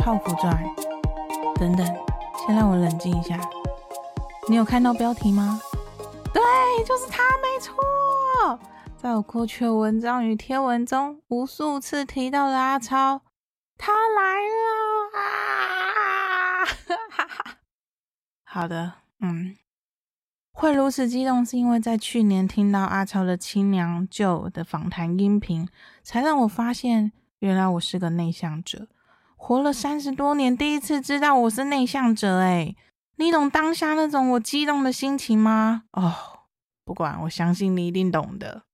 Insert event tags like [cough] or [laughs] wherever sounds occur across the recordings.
泡芙拽，等等，先讓我冷靜一下。你有看到標題嗎？對，就是他，沒錯，在我過去的文章與貼文中，無數次提到的阿超，他來了啊！哈哈，好的，嗯，會如此激動，是因為在去年聽到阿超的親娘舅的訪談音頻，才讓我發現，原來我是個內向者。活了三十多年，第一次知道我是內向者，哎，你懂當下那種我激動的心情嗎？哦，不管，我相信你一定懂的。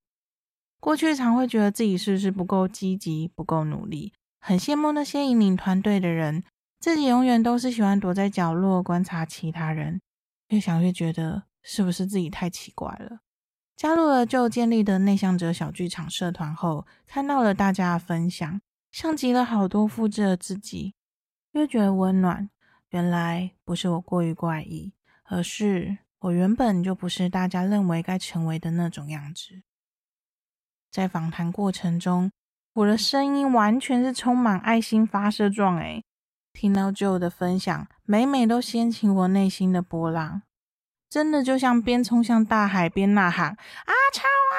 過去常會覺得自己是不是不夠積極、不夠努力，很羨慕那些引領團隊的人，自己永遠都是喜歡躲在角落，觀察其他人。越想越覺得是不是自己太奇怪了。加入了 Jill 建立的內向者小聚場社團後，看到了大家的分享。像極了好多複製的自己，越覺得溫暖。原來不是我過於怪異，而是我原本就不是大家認為該成為的那種樣子。在訪談過程中，我的聲音完全是充滿愛心發射狀。哎，聽到 Jill 的分享，每每都掀起我內心的波浪，真的就像邊衝向大海邊吶喊“阿超啊”，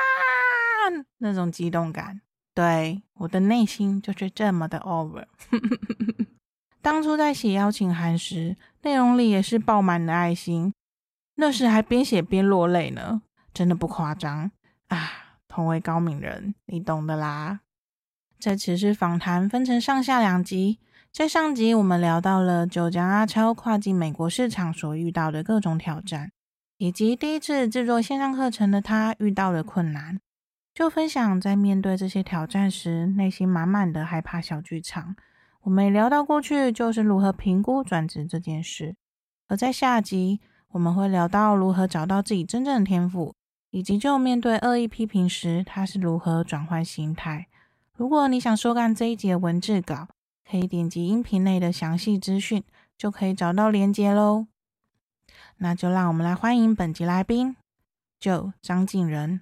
那種激動感。對，我的內心就是這麼的 over。 [laughs] 當初在寫邀請函時，內容裡也是爆滿了愛心。那時還邊寫邊落淚呢，真的不誇張啊！同為高敏人，你懂的啦。在此次訪談分成上下兩集，在上集我們聊到了九江阿超跨境美國市場所遇到的各種挑戰，以及第一次制作線上課程的他遇到的困難。就分享在面對這些挑戰時，內心滿滿的害怕小劇場。我們也聊到過去就是如何評估轉職這件事。而在下集，我們會聊到如何找到自己真正的天賦，以及就面對惡意批評時，他是如何轉換心態。如果你想收看這一集的文字稿，可以點擊音頻內的詳細資訊，就可以找到連接嘍。那就讓我們來歡迎本集來賓，Jill 張瀞仁。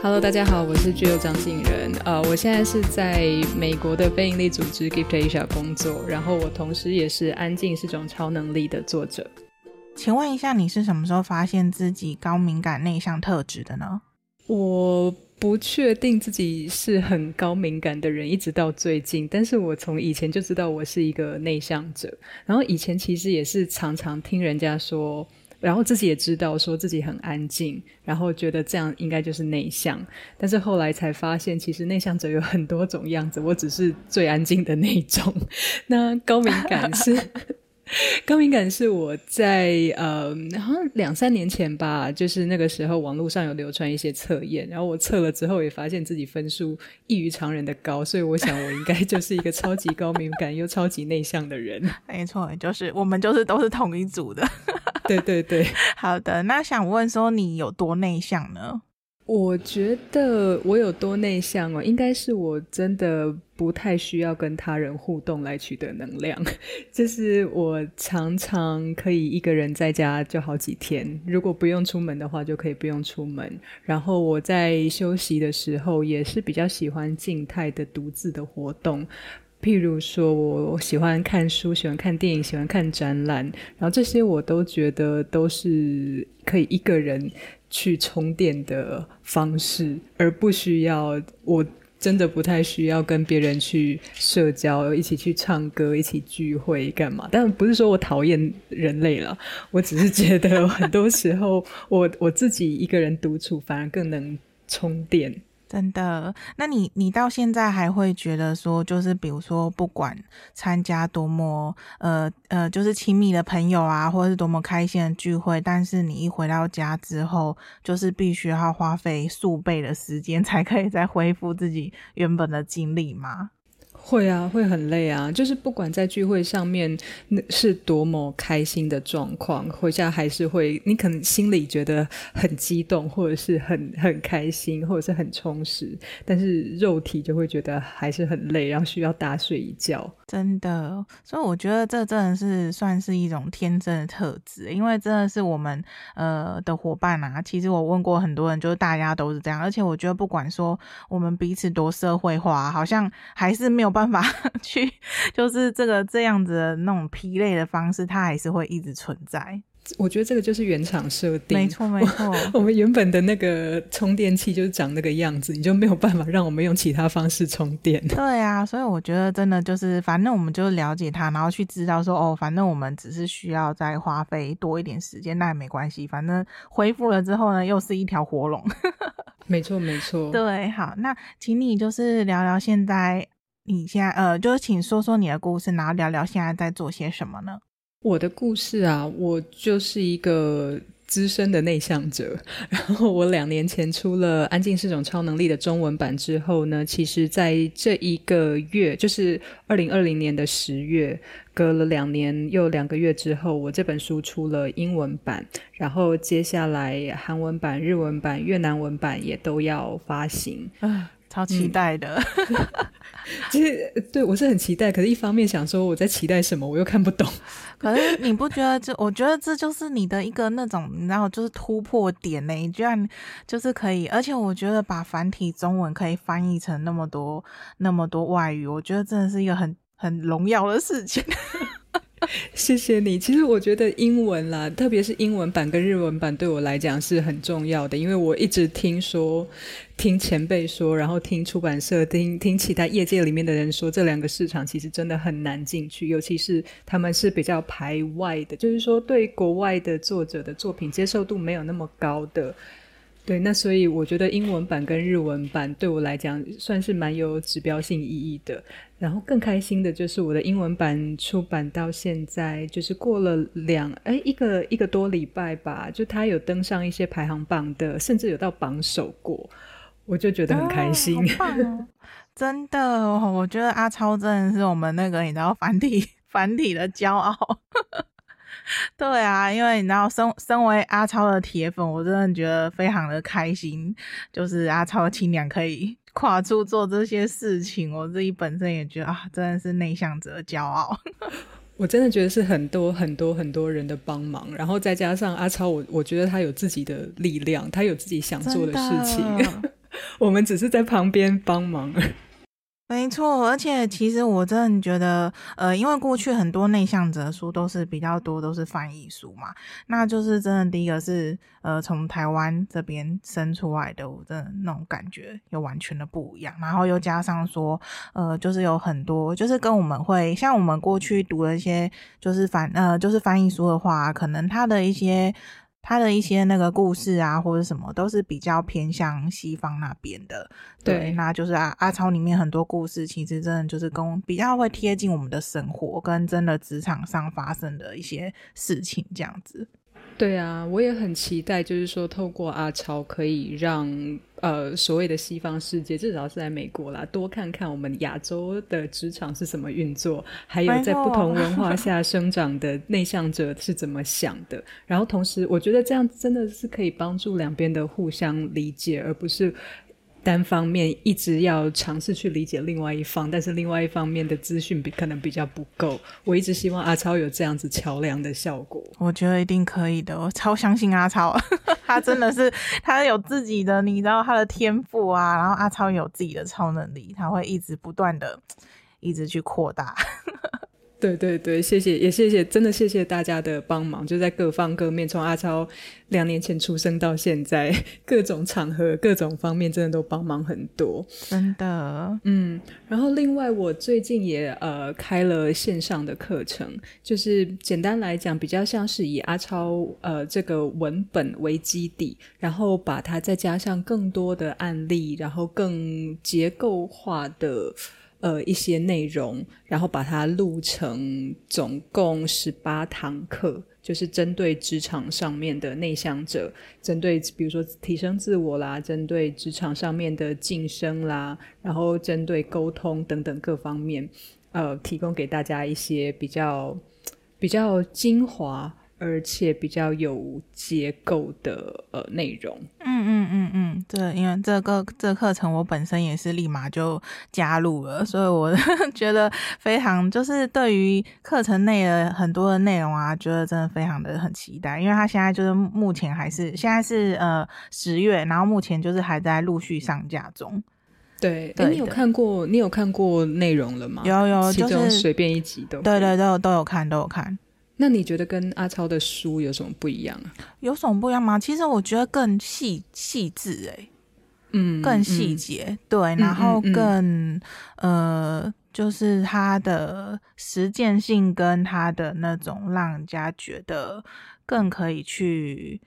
Hello，大家好，我是 Jill 張瀞仁。呃、uh,，我現在是在美國的非營利組織 Give2Asia 工作，然後我同時也是安靜《安靜是種超能力》的作者。請問一下，你是什麼時候發現自己高敏感內向特質的呢？我不確定自己是很高敏感的人，一直到最近。但是我從以前就知道我是一個內向者，然後以前其實也是常常聽人家說。然後自己也知道說自己很安靜，然後覺得這樣應該就是內向。但是後來才發現，其實內向者有很多種樣子，我只是最安靜的那種。那高敏感是。 [laughs] [laughs] 高敏感是我在呃、嗯，好像兩三年前吧，就是那個時候網絡上有流傳一些測驗，然後我測了之後也發現自己分數異於常人的高，所以我想我應該就是一個超級高敏感又超級內向的人。沒錯，就是我們就是都是同一組的。 [laughs] 對對對，好的，那想問說你有多內向呢？我覺得我有多內向哦，應該是我真的不太需要跟他人互動來取得能量。 [laughs] 就是我常常可以一個人在家就好幾天，如果不用出門的話，就可以不用出門。然後我在休息的時候，也是比較喜歡靜態的、獨自的活動，譬如說我喜歡看書、喜歡看電影、喜歡看展覽，然後這些我都覺得都是可以一個人去充電的方式，而不需要，我真的不太需要跟別人去社交，一起去唱歌，一起聚會幹嘛？但不是說我討厭人類了，我只是覺得很多時候我， [laughs] 我我自己一個人獨處反而更能充電。真的？那你你到現在還會覺得說，就是比如說，不管參加多麼呃呃，就是親密的朋友啊，或者是多麼開心的聚會，但是你一回到家之後，就是必須要花費數倍的時間，才可以再恢復自己原本的精力嗎？會啊，會很累啊。就是不管在聚會上面那是多麼開心的狀況，回家還是會，你可能心裡覺得很激動，或者是很很開心，或者是很充實，但是肉體就會覺得還是很累，然後需要大睡一覺。真的，所以我覺得這真的是算是一種天真的特質，因為真的是我們呃的夥伴啊。其實我問過很多人，就是大家都是這樣，而且我覺得不管說我們彼此多社會化，好像還是沒有辦法。辦法去，就是這個這樣子的那種疲累的方式，它還是會一直存在。我覺得這個就是原廠設定，沒錯沒錯。我，我們原本的那個充電器就是長那個樣子，你就沒有辦法讓我們用其他方式充電。對呀、啊，所以我覺得真的就是，反正我們就了解它，然後去知道說，哦，反正我們只是需要再花費多一點時間，那也沒關係。反正恢復了之後呢，又是一條活龍。 [laughs] 沒錯沒錯。對，好，那請你就是聊聊現在，你現在呃，就請說說你的故事，然後聊聊現在在做些什麼呢？我的故事啊，我就是一個資深的內向者。然後我兩年前出了《安靜是種超能力》的中文版之後呢，其實在這一個月，就是二零二零年的十月，隔了兩年又兩個月之後，我這本書出了英文版，然後接下來韓文版、日文版、越南文版也都要發行。 [laughs] 超期待的。嗯， [laughs] 其實對我是很期待，可是一方面想說，我在期待什麼，我又看不懂。可是你不覺得這？ [laughs] 我覺得這就是你的一個那種，然後就是突破點嘞，居然就是可以。而且我覺得把繁體中文可以翻譯成那麼多那麼多外語，我覺得真的是一個很很榮耀的事情。謝謝你。其實我覺得英文啦，特別是英文版跟日文版，對我來講是很重要的。因為我一直聽說，聽前輩說，然後聽出版社，聽，聽其他業界裡面的人說，這兩個市場其實真的很難進去，尤其是他們是比較排外的，就是說對國外的作者的作品接受度沒有那麼高的。對，那所以我覺得英文版跟日文版對我來講算是蠻有指標性意義的。然後更開心的就是我的英文版出版到現在，就是過了兩誒一個一個多禮拜吧，就他有登上一些排行榜的，甚至有到榜首過，我就覺得很開心。哦，好棒哦。 [laughs] 真的，我覺得阿超真的是我們那個你知道繁體繁體的驕傲。對啊，因為你知道，身身為阿超的鐵粉，我真的覺得非常的開心。就是阿超親娘可以跨出做這些事情，我自己本身也覺得啊，真的是內向者的驕傲。我真的覺得是很多很多很多人的幫忙，然後再加上阿超，我我覺得他有自己的力量，他有自己想做的事情， [laughs] 我們只是在旁邊幫忙。沒錯，而且其實我真的覺得，呃，因為過去很多內向者書都是比較多都是翻譯書嘛，那就是真的第一個是，呃，從台灣這邊生出來的，我真的那種感覺又完全的不一樣。然後又加上說，呃，就是有很多，就是跟我們會，像我們過去讀了一些就是翻，呃，就是翻譯書的話，可能他的一些。他的一些那個故事啊，或者什麼，都是比較偏向西方那邊的。對，對，那就是阿阿超裡面很多故事，其實真的就是跟比較會貼近我們的生活，跟真的職場上發生的一些事情這樣子。對啊，我也很期待，就是說透過阿超可以讓。呃，所謂的西方世界，至少是在美國啦，多看看我們亞洲的職場是怎麼運作，還有在不同文化下生長的內向者是怎麼想的。 [laughs] 然後，同時我覺得這樣真的是可以幫助兩邊的互相理解，而不是。單方面一直要嘗試去理解另外一方，但是另外一方面的資訊比可能比較不夠。我一直希望阿超有這樣子橋梁的效果，我覺得一定可以的。我超相信阿超， [laughs] 他真的是 [laughs] 他有自己的，你知道他的天賦啊。然後阿超有自己的超能力，他會一直不斷的，一直去擴大。 [laughs] 對對對，謝謝也謝謝，真的謝謝大家的幫忙，就在各方各面，從阿超兩年前出生到現在，各種場合、各種方面，真的都幫忙很多，真的。嗯，然後另外，我最近也呃開了線上的課程，就是簡單來講，比較像是以阿超呃這個文本為基底，然後把它再加上更多的案例，然後更結構化的。呃，一些內容，然後把它錄成總共十八堂課，就是針對職場上面的內向者，針對比如說提升自我啦，針對職場上面的晉升啦，然後針對溝通等等各方面，呃，提供給大家一些比較比較精華。而且比較有結構的呃內容，嗯嗯嗯嗯，對，因為這個這課程我本身也是立馬就加入了，所以我覺得非常就是對於課程內的很多的內容啊，覺得真的非常的很期待，因為他現在就是目前還是現在是呃十月，然後目前就是還在陸續上架中，對，哎，你有看過你有看過內容了嗎？有有，就是隨便一集都，對對對，都有都有看都有看。都有看那你覺得跟阿超的書有什麼不一樣啊？有什麼不一樣嗎？其實我覺得更細細緻、欸，誒，嗯，更細節，嗯、對、嗯，然後更、嗯、呃，就是他的實踐性跟他的那種讓人家覺得更可以去，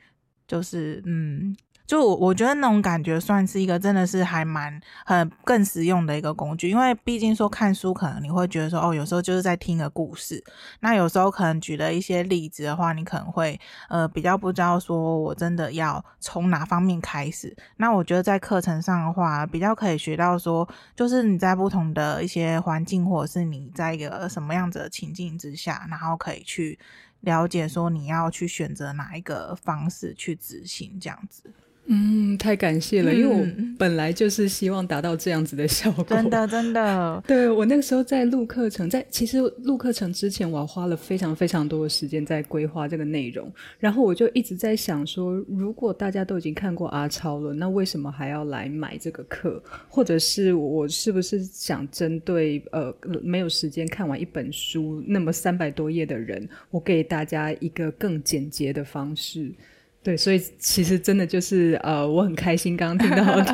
就是，嗯。就我覺得那種感覺算是一個，真的是還蠻很更實用的一個工具，因為畢竟說看書，可能你會覺得說，哦，有時候就是在聽個故事，那有時候可能舉了一些例子的話，你可能會呃比較不知道說我真的要從哪方面開始。那我覺得在課程上的話，比較可以學到說，就是你在不同的一些環境，或者是你在一個什麼樣子的情境之下，然後可以去了解說你要去選擇哪一個方式去執行這樣子。嗯，太感謝了，因為我本來就是希望達到這樣子的效果。嗯，真的，真的。對，我那個時候在錄課程，在其實錄課程之前，我花了非常非常多的時間在規劃這個內容。然後我就一直在想說，如果大家都已經看過阿超了，那為什麼還要來買這個課？或者是我是不是想針對，呃，沒有時間看完一本書那麼三百多頁的人，我給大家一個更簡潔的方式。對，所以其實真的就是呃，我很開心剛剛聽到你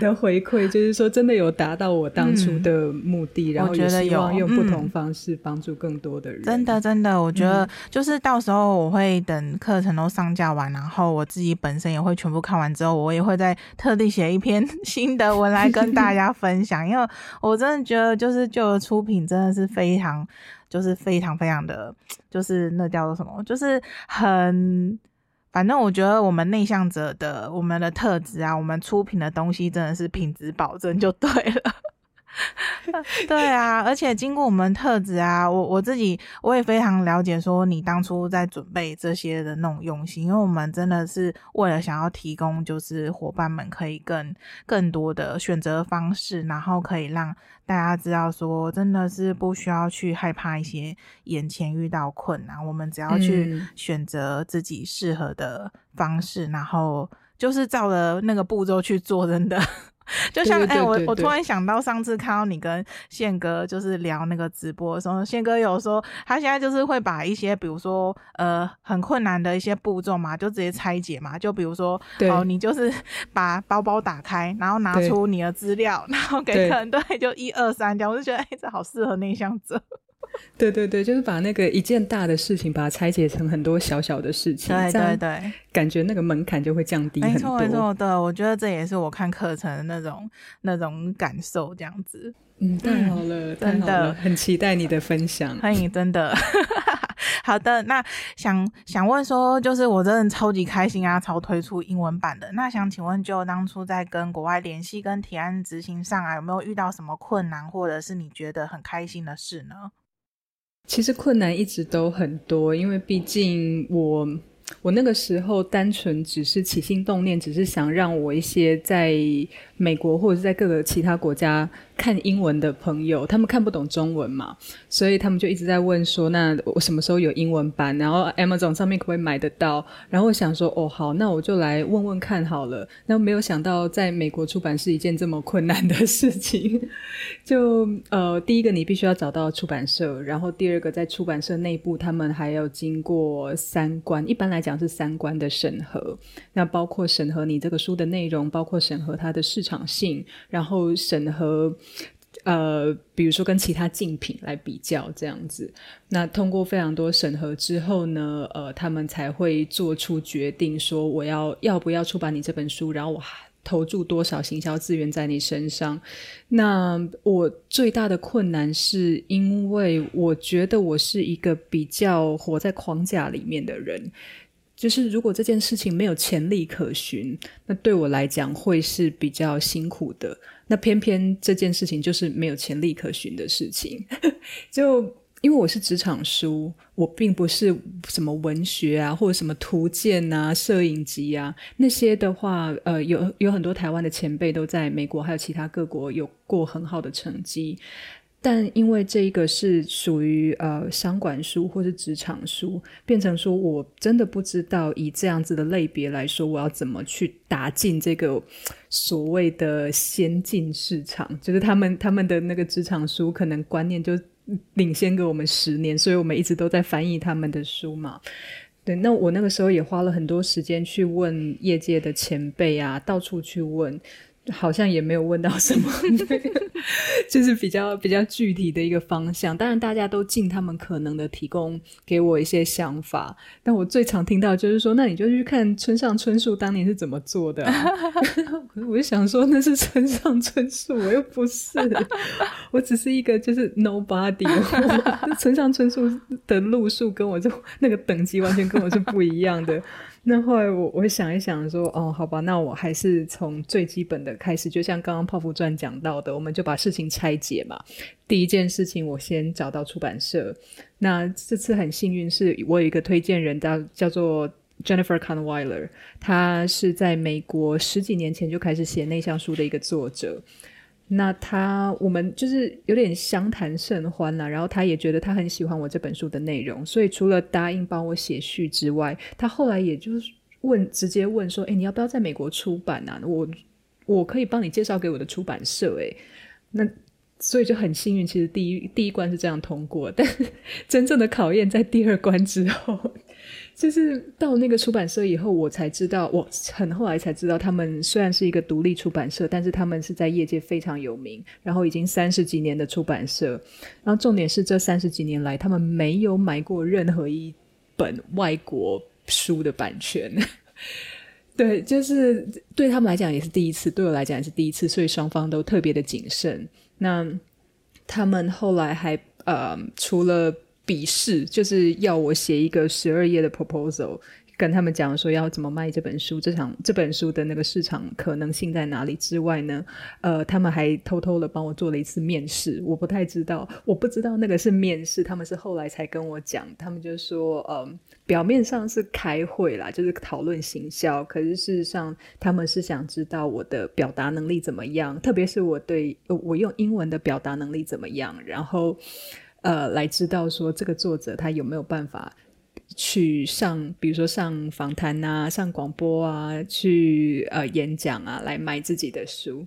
的回饋， [laughs] 就是說真的有達到我當初的目的，嗯、然後也希望用不同方式幫助更多的人。嗯。真的，真的，我覺得就是到時候我會等課程都上架完，嗯，然後我自己本身也會全部看完之後，我也會再特地寫一篇心得文來跟大家分享， [laughs] 因為我真的覺得就是就出品真的是非常，就是非常非常的，就是那叫做什麼，就是很。反正我覺得我們內向者的，我們的特質啊，我們出品的東西真的是品質保證就對了。 [laughs] 對啊，而且經過我們特質啊，我我自己我也非常了解，說你當初在準備這些的那種用心，因為我們真的是為了想要提供，就是夥伴們可以更更多的選擇方式，然後可以讓大家知道說，真的是不需要去害怕一些眼前遇到困難，我們只要去選擇自己適合的方式，嗯、然後就是照着那個步驟去做，真的。就像哎、欸，我我突然想到上次看到你跟憲哥就是聊那個直播的時候，憲哥有說他現在就是會把一些比如說呃很困難的一些步驟嘛，就直接拆解嘛，就比如說，對哦，你就是把包包打開，然後拿出你的資料，然後給客人，對，就一二三這樣，我就覺得哎、欸，這好適合內向者。 [laughs] 對對對，就是把那個一件大的事情，把它拆解成很多小小的事情，對，對，對，對，感覺那個門檻就會降低很多。沒錯沒錯，對，我覺得這也是我看課程的那種那種感受，這樣子。嗯，太好了，太好 [laughs] 真的很期待你的分享，歡 [laughs] 迎真的。 [laughs] 好的，那想想問說，就是我真的超級開心啊，超推出英文版的。那想請問，就當初在跟國外聯繫、跟提案執行上啊，有沒有遇到什麼困難，或者是你覺得很開心的事呢？其實困難一直都很多，因為畢竟我，我那個時候單純只是起心動念，只是想讓我一些在美國或者是在各個其他國家，看英文的朋友，他們看不懂中文嘛，所以他們就一直在問說：“那我什麼時候有英文版？然後 Amazon 上面可不可以買得到？”然後我想說：“哦，好，那我就來問問看好了。”那我沒有想到，在美國出版是一件這麼困難的事情。 [laughs] 就呃，第一個你必須要找到出版社，然後第二個在出版社內部，他們還要經過三關，一般來講是三關的審核，那包括審核你這個書的內容，包括審核它的市場性，然後審核。呃，比如說跟其他競品來比較這樣子，那通過非常多審核之後呢，呃，他們才會做出決定說我要要不要出版你這本書，然後我投注多少行銷資源在你身上。那我最大的困難是因為我覺得我是一個比較活在框架裡面的人。就是如果這件事情沒有前例可循，那對我來講會是比較辛苦的。那偏偏這件事情就是沒有前例可循的事情， [laughs] 就因為我是職場書，我並不是什麼文學啊，或者什麼圖鑑啊、攝影集啊那些的話，呃，有有很多台灣的前輩都在美國還有其他各國有過很好的成績。但因為這一個是屬於呃商管書或是職場書，變成說我真的不知道以這樣子的類別來說，我要怎麼去打進這個所謂的先進市場？就是他們他們的那個職場書可能觀念就領先給我們十年，所以我們一直都在翻譯他們的書嘛。對，那我那個時候也花了很多時間去問業界的前輩啊，到處去問。好像也沒有問到什麼，就是比較比較具體的一個方向。當然，大家都盡他們可能的提供給我一些想法。但我最常聽到就是說，那你就去看村上春樹當年是怎麼做的啊。 [laughs] 我就想說，那是村上春樹，我又不是，我只是一個就是 nobody。村上春樹的路數跟我就那個等級完全跟我是不一樣的。那後來我我想一想說，哦，好吧，那我還是從最基本的開始，就像剛剛泡芙傳講到的，我們就把事情拆解嘛。第一件事情，我先找到出版社。那這次很幸運，是我有一個推薦人叫叫做 Jennifer Kahnweiler，他是在美國十幾年前就開始寫內向書的一個作者。那他，我們就是有點相談甚歡啊，然後他也覺得他很喜歡我這本書的內容，所以除了答應幫我寫序之外，他後來也就問，直接問說：“哎、欸，你要不要在美國出版啊？我我可以幫你介紹給我的出版社。”哎，那所以就很幸運，其實第一第一關是這樣通過，但真正的考驗在第二關之後。就是到那個出版社以後，我才知道，我很後來才知道，他們雖然是一個獨立出版社，但是他們是在業界非常有名，然後已經三十幾年的出版社。然後重點是這三十幾年來，他們沒有買過任何一本外國書的版權。對，就是對他們來講也是第一次，對我來講也是第一次，所以雙方都特別的謹慎。那他們後來還，呃，除了。筆試就是要我寫一個十二頁的 proposal，跟他們講說要怎麼賣這本書，這場這本書的那個市場可能性在哪裡之外呢，呃，他們還偷偷地幫我做了一次面試，我不太知道，我不知道那個是面試，他們是後來才跟我講，他們就說，呃，表面上是開會啦，就是討論行銷，可是事實上他們是想知道我的表達能力怎麼樣，特別是我對我用英文的表達能力怎麼樣，然後。呃，來知道說這個作者他有沒有辦法去上，比如說上訪談啊，上廣播啊，去呃演講啊，來賣自己的書，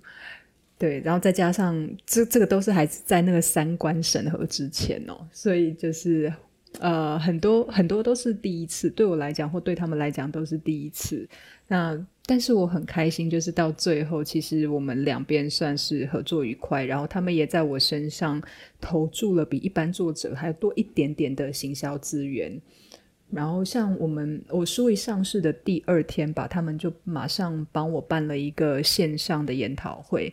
對，然後再加上這這個都是還是在那個三觀審核之前哦，所以就是呃很多很多都是第一次，對我來講或對他們來講都是第一次，那。但是我很開心，就是到最後，其實我們兩邊算是合作愉快，然後他們也在我身上投注了比一般作者還要多一點點的行銷資源。然後像我們，我書一上市的第二天吧，他們就馬上幫我辦了一個線上的研討會。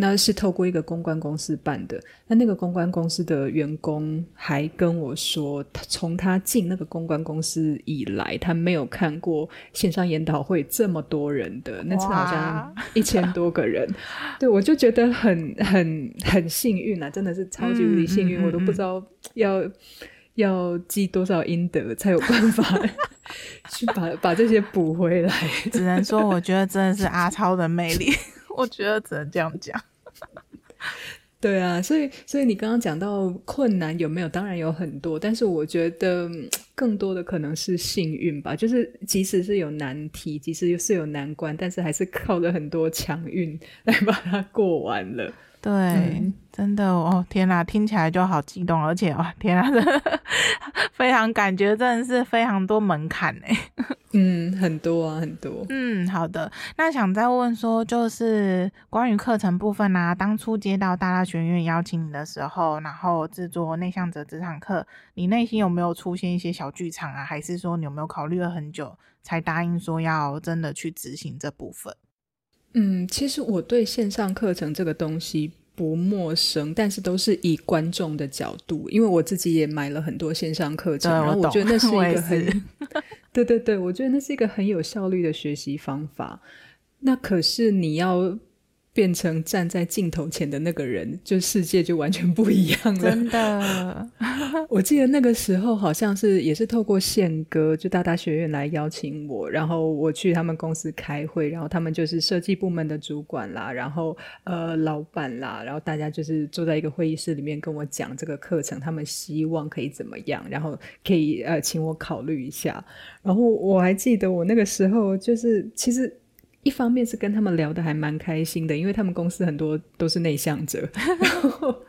那是透過一個公關公司辦的，那那個公關公司的員工還跟我說，從他進那個公關公司以來，他沒有看過線上研討會這麼多人的，那次好像一千多個人。對，我就覺得很很很幸運啊，真的是超級無敵幸運、嗯嗯嗯，我都不知道要要積多少陰德才有辦法去把 [laughs] 把，把這些補回來。只能說，我覺得真的是阿超的魅力。 [laughs] 我覺得只能這樣講， [laughs] 對啊，所以所以你剛剛講到困難有沒有？當然有很多，但是我覺得更多的可能是幸運吧。就是即使是有難題，即使又是有難關，但是還是靠着很多強運來把它過完了。對、嗯，真的哦，天哪，聽起來就好激動，而且哇、哦，天哪，非常感覺真的是非常多門檻誒。嗯，很多啊，很多。嗯，好的，那想再問說，就是關於課程部分吶、啊，當初接到大大學院邀請你的時候，然後制作內向者職場課，你內心有沒有出現一些小劇場啊？還是說你有沒有考慮了很久才答應說要真的去執行這部分？嗯，其實我對線上課程這個東西不陌生，但是都是以觀眾的角度，因為我自己也買了很多線上課程，然後我覺得那是一個很， [laughs] 對對對，我覺得那是一個很有效率的學習方法。那可是你要。變成站在鏡頭前的那個人，就世界就完全不一樣了。真的， [laughs] 我記得那個時候好像是也是透過憲哥就大大學院來邀請我，然後我去他們公司開會，然後他們就是設計部門的主管啦，然後呃老闆啦，然後大家就是坐在一個會議室裡面跟我講這個課程，他們希望可以怎麼樣，然後可以呃請我考慮一下。然後我還記得我那個時候就是其實。一方面是跟他們聊得還蠻開心的，因為他們公司很多都是內向者，然後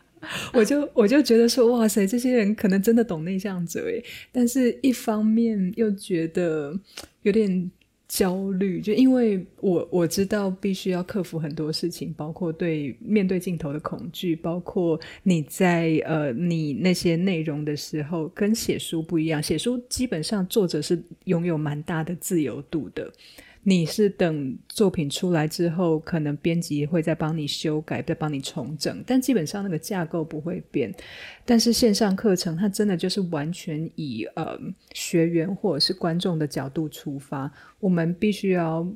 我就我就覺得說哇塞，這些人可能真的懂內向者誒。但是一方面又覺得有點焦慮，就因為我我知道必須要克服很多事情，包括對面對鏡頭的恐懼，包括你在呃你那些內容的時候跟寫書不一樣，寫書基本上作者是擁有蠻大的自由度的。你是等作品出來之後，可能編輯會再幫你修改，再幫你重整，但基本上那個架構不會變。但是線上課程它真的就是完全以呃學員或者是觀眾的角度出發，我們必須要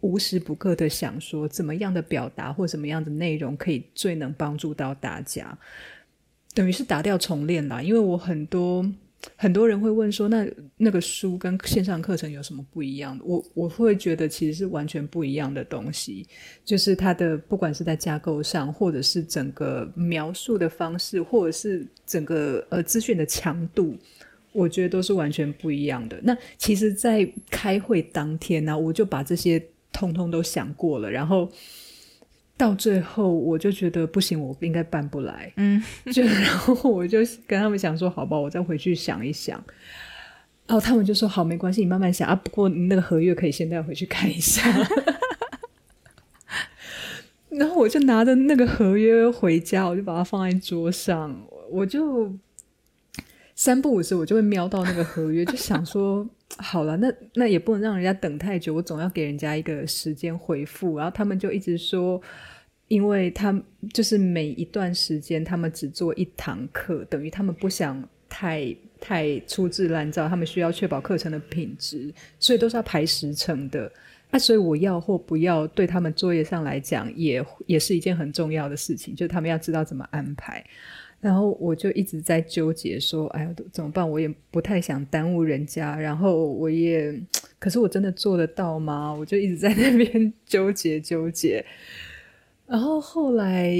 無時不刻的想說，怎麼樣的表達或什麼樣的內容可以最能幫助到大家，等於是打掉重練啦，因為我很多。很多人會問說，那那個書跟線上課程有什麼不一樣？我我會覺得其實是完全不一樣的東西，就是它的不管是在架構上，或者是整個描述的方式，或者是整個呃資訊的強度，我覺得都是完全不一樣的。那其實，在開會當天呢，啊，我就把這些通通都想過了，然後。到最後，我就覺得不行，我應該辦不來。嗯，就然後我就跟他們想說：“好吧，我再回去想一想。哦”然後他們就說：“好，沒關係，你慢慢想啊。不過那個合約可以先帶回去看一下。 [laughs] ” [laughs] 然後我就拿着那個合約回家，我就把它放在桌上。我我就三不五時我就會瞄到那個合約， [laughs] 就想說：“好啦，那那也不能讓人家等太久，我總要給人家一個時間回復。”然後他們就一直說。因為他們就是每一段時間，他們只做一堂課，等於他們不想太太粗製濫造，他們需要確保課程的品質，所以都是要排時程的。啊，所以我要或不要，對他們作業上來講也，也也是一件很重要的事情，就是，他們要知道怎麼安排。然後我就一直在糾結，說：“哎呀，怎麼辦？我也不太想耽誤人家。”然後我也，可是我真的做得到嗎？我就一直在那邊糾結糾結。然後後來，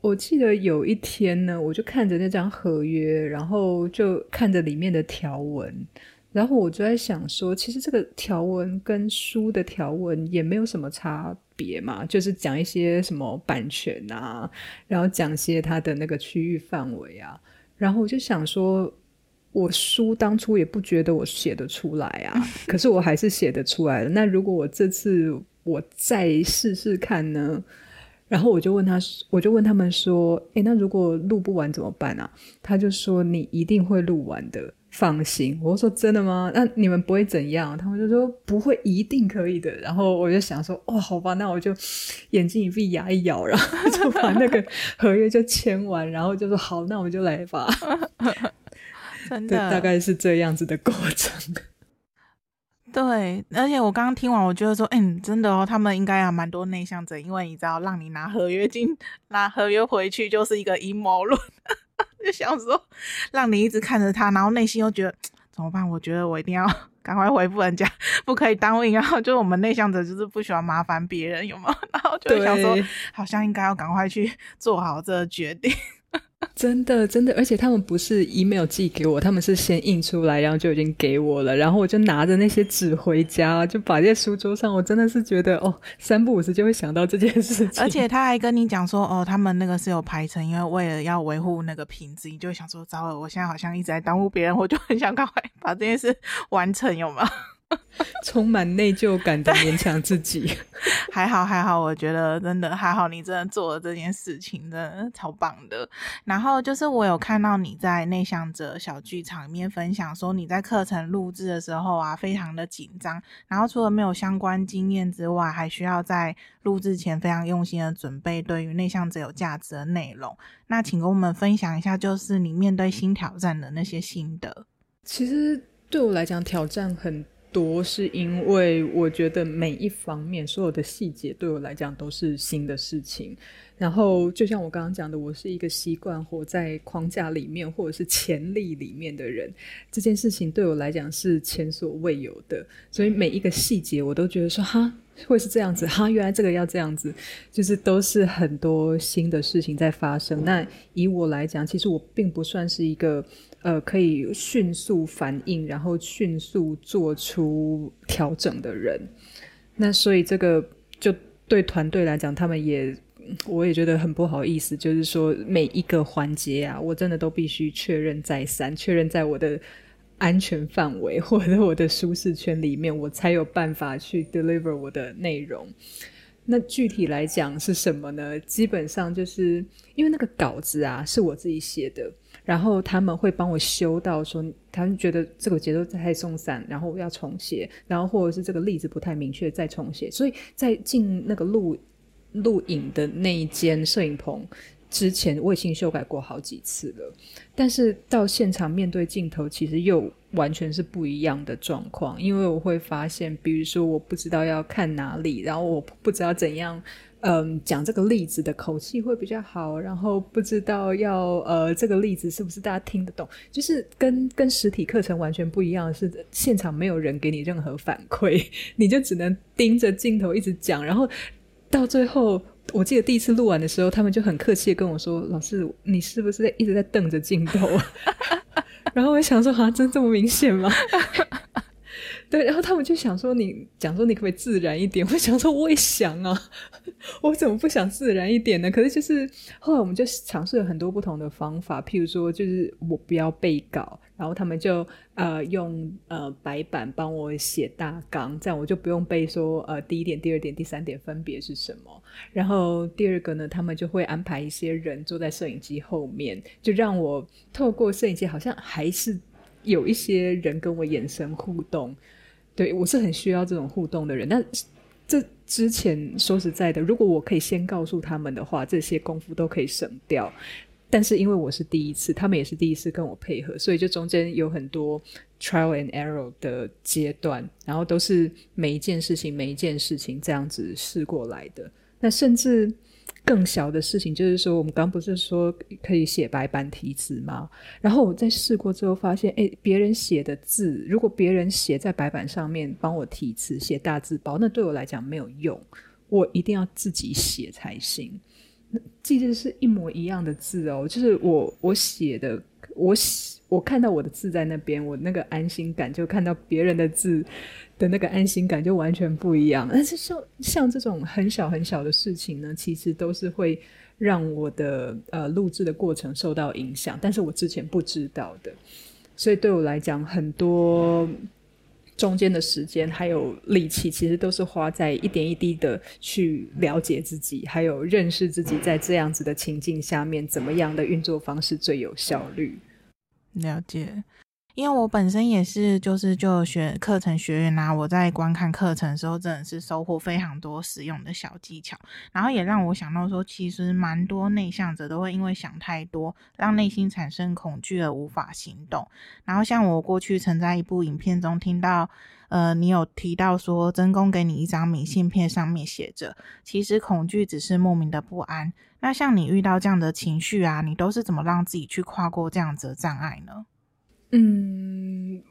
我記得有一天呢，我就看着那張合約，然後就看着裡面的條文，然後我就在想說，其實這個條文跟書的條文也沒有什麼差別嘛，就是講一些什麼版權啊，然後講一些它的那個區域範圍啊，然後我就想說，我書當初也不覺得我寫得出來啊， [laughs] 可是我還是寫得出來了。那如果我這次我再試試看呢？然後我就問他，我就問他們說：“誒、欸、那如果錄不完怎麼辦啊？”他就說：“你一定會錄完的，放心。”我說：“真的嗎？那你們不會怎樣？”他們就說：“不會，一定可以的。”然後我就想說：“哦，好吧，那我就眼睛一閉，牙一咬，然後就把那個合約就簽完， [laughs] 然後就說：‘好，那我就來吧。 [laughs] ’對，大概是這樣子的過程。”對，而且我剛剛聽完，我覺得說，嗯，真的哦，他們應該有蠻多內向者，因為你知道，讓你拿合約金、拿合約回去就是一個陰謀論， [laughs] 就想說，讓你一直看着他，然後內心又覺得怎麼辦？我覺得我一定要趕快回復人家，不可以耽誤。然後就我們內向者就是不喜歡麻煩別人，有嗎？然後就想說對，好像應該要趕快去做好這個決定。真的，真的，而且他們不是 email 寄給我，他們是先印出來，然後就已經給我了。然後我就拿着那些紙回家，就擺在書桌上。我真的是覺得，哦，三不五時就會想到這件事情。而且他還跟你講說，哦，他們那個是有排程，因為為了要維護那個品質。你就會想說，糟了，我現在好像一直在耽誤別人，我就很想趕快把這件事完成，有嗎？ [laughs] 充滿內疚感的勉強自己， [laughs] 還好還好，我覺得真的還好。你真的做了這件事情，真的超棒的。然後就是我有看到你在內向者小聚場裡面分享說，你在課程錄制的時候啊，非常的緊張。然後除了沒有相關經驗之外，還需要在錄制前非常用心的準備，對於內向者有價值的內容。那請跟我們分享一下，就是你面對新挑戰的那些心得。其實對我來講，挑戰很。多是因為我覺得每一方面所有的細節對我來講都是新的事情，然後就像我剛剛講的，我是一個習慣活在框架裡面或者是潛力裡面的人，這件事情對我來講是前所未有的，所以每一個細節我都覺得說，哈，會是這樣子哈，原來這個要這樣子，就是都是很多新的事情在發生。那以我來講，其實我並不算是一個。呃，可以迅速反應，然後迅速做出調整的人。那所以這個就對團隊來講，他們也，我也覺得很不好意思。就是說，每一個環節啊，我真的都必須確認再三，確認在我的安全範圍或者我的舒適圈裡面，我才有辦法去 deliver 我的內容。那具體來講是什麼呢？基本上就是因為那個稿子啊，是我自己寫的。然後他們會幫我修到說，他們覺得這個節奏太鬆散，然後要重寫，然後或者是這個例子不太明確，再重寫。所以在進那個錄錄影的那一間攝影棚之前，我已經修改過好幾次了。但是到現場面對鏡頭，其實又完全是不一樣的狀況，因為我會發現，比如說我不知道要看哪裡，然後我不知道怎樣。嗯，講這個例子的口氣會比較好，然後不知道要呃，這個例子是不是大家聽得懂？就是跟跟實體課程完全不一樣，是現場沒有人給你任何反饋，你就只能盯着鏡頭一直講，然後到最後，我記得第一次錄完的時候，他們就很客氣地跟我說：“老師，你是不是一直在瞪着鏡頭？” [laughs] 然後我想說：“好像、啊、真這麼明顯嗎？” [laughs] 對，然後他們就想說你講說你可不可以自然一點？我想說我也想啊，我怎麼不想自然一點呢？可是就是後來我們就嘗試了很多不同的方法，譬如說就是我不要背稿，然後他們就呃用呃白板幫我寫大綱，這樣我就不用背說呃第一點、第二點、第三點分別是什麼。然後第二個呢，他們就會安排一些人坐在攝影機後面，就讓我透過攝影機，好像還是有一些人跟我眼神互動。對，我是很需要這種互動的人。那這之前說實在的，如果我可以先告訴他們的話，這些功夫都可以省掉。但是因為我是第一次，他們也是第一次跟我配合，所以就中間有很多 trial and error 的階段，然後都是每一件事情，每一件事情這樣子試過來的。那甚至，更小的事情就是說，我們剛不是說可以寫白板提詞嗎？然後我在試過之後發現，誒、欸，別人寫的字，如果別人寫在白板上面幫我提詞、寫大字報，那對我來講沒有用，我一定要自己寫才行。那即使是一模一樣的字哦，就是我我寫的，我我看到我的字在那邊，我那個安心感就看到別人的字，的那個安心感就完全不一樣。但是像像這種很小很小的事情呢，其實都是會讓我的呃錄製的過程受到影響。但是我之前不知道的，所以對我來講，很多中間的時間還有力氣，其實都是花在一點一滴的去了解自己，還有認識自己，在這樣子的情境下面，怎麼樣的運作方式最有效率。了解。因為我本身也是，就是就學課程學員啦、啊。我在觀看課程的時候，真的是收穫非常多實用的小技巧，然後也讓我想到說，其實蠻多內向者都會因為想太多，讓內心產生恐懼而無法行動。然後像我過去曾在一部影片中聽到，呃，你有提到說，真宮給你一張明信片，上面寫着，其實恐懼只是莫名的不安。那像你遇到這樣的情緒啊，你都是怎麼讓自己去跨過這樣子的障礙呢？嗯，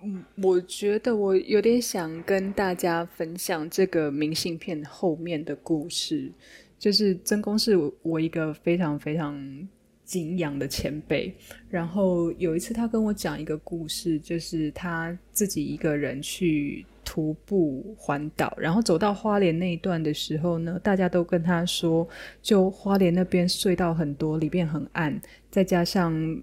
我覺得我有點想跟大家分享這個明信片後面的故事。就是真公是我，我一個非常非常敬仰的前輩，然後有一次他跟我講一個故事，就是他自己一個人去徒步環島，然後走到花蓮那一段的時候呢，大家都跟他說，就花蓮那邊隧道很多，裡面很暗，再加上。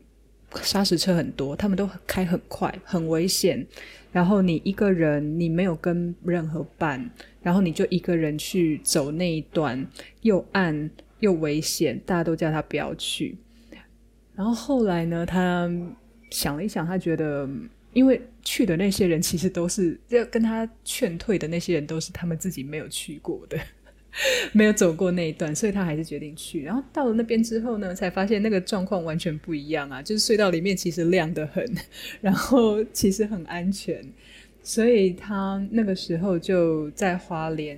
砂石車很多，他們都開很快，很危險。然後你一個人，你沒有跟任何伴，然後你就一個人去走那一段，又暗又危險，大家都叫他不要去。然後後來呢，他想了一想，他覺得，因為去的那些人其實都是，跟他勸退的那些人都是他們自己沒有去過的。沒有走過那一段，所以他還是決定去。然後到了那邊之後呢，才發現那個狀況完全不一樣啊！就是隧道裡面其實亮得很，然後其實很安全。所以他那個時候就在花蓮，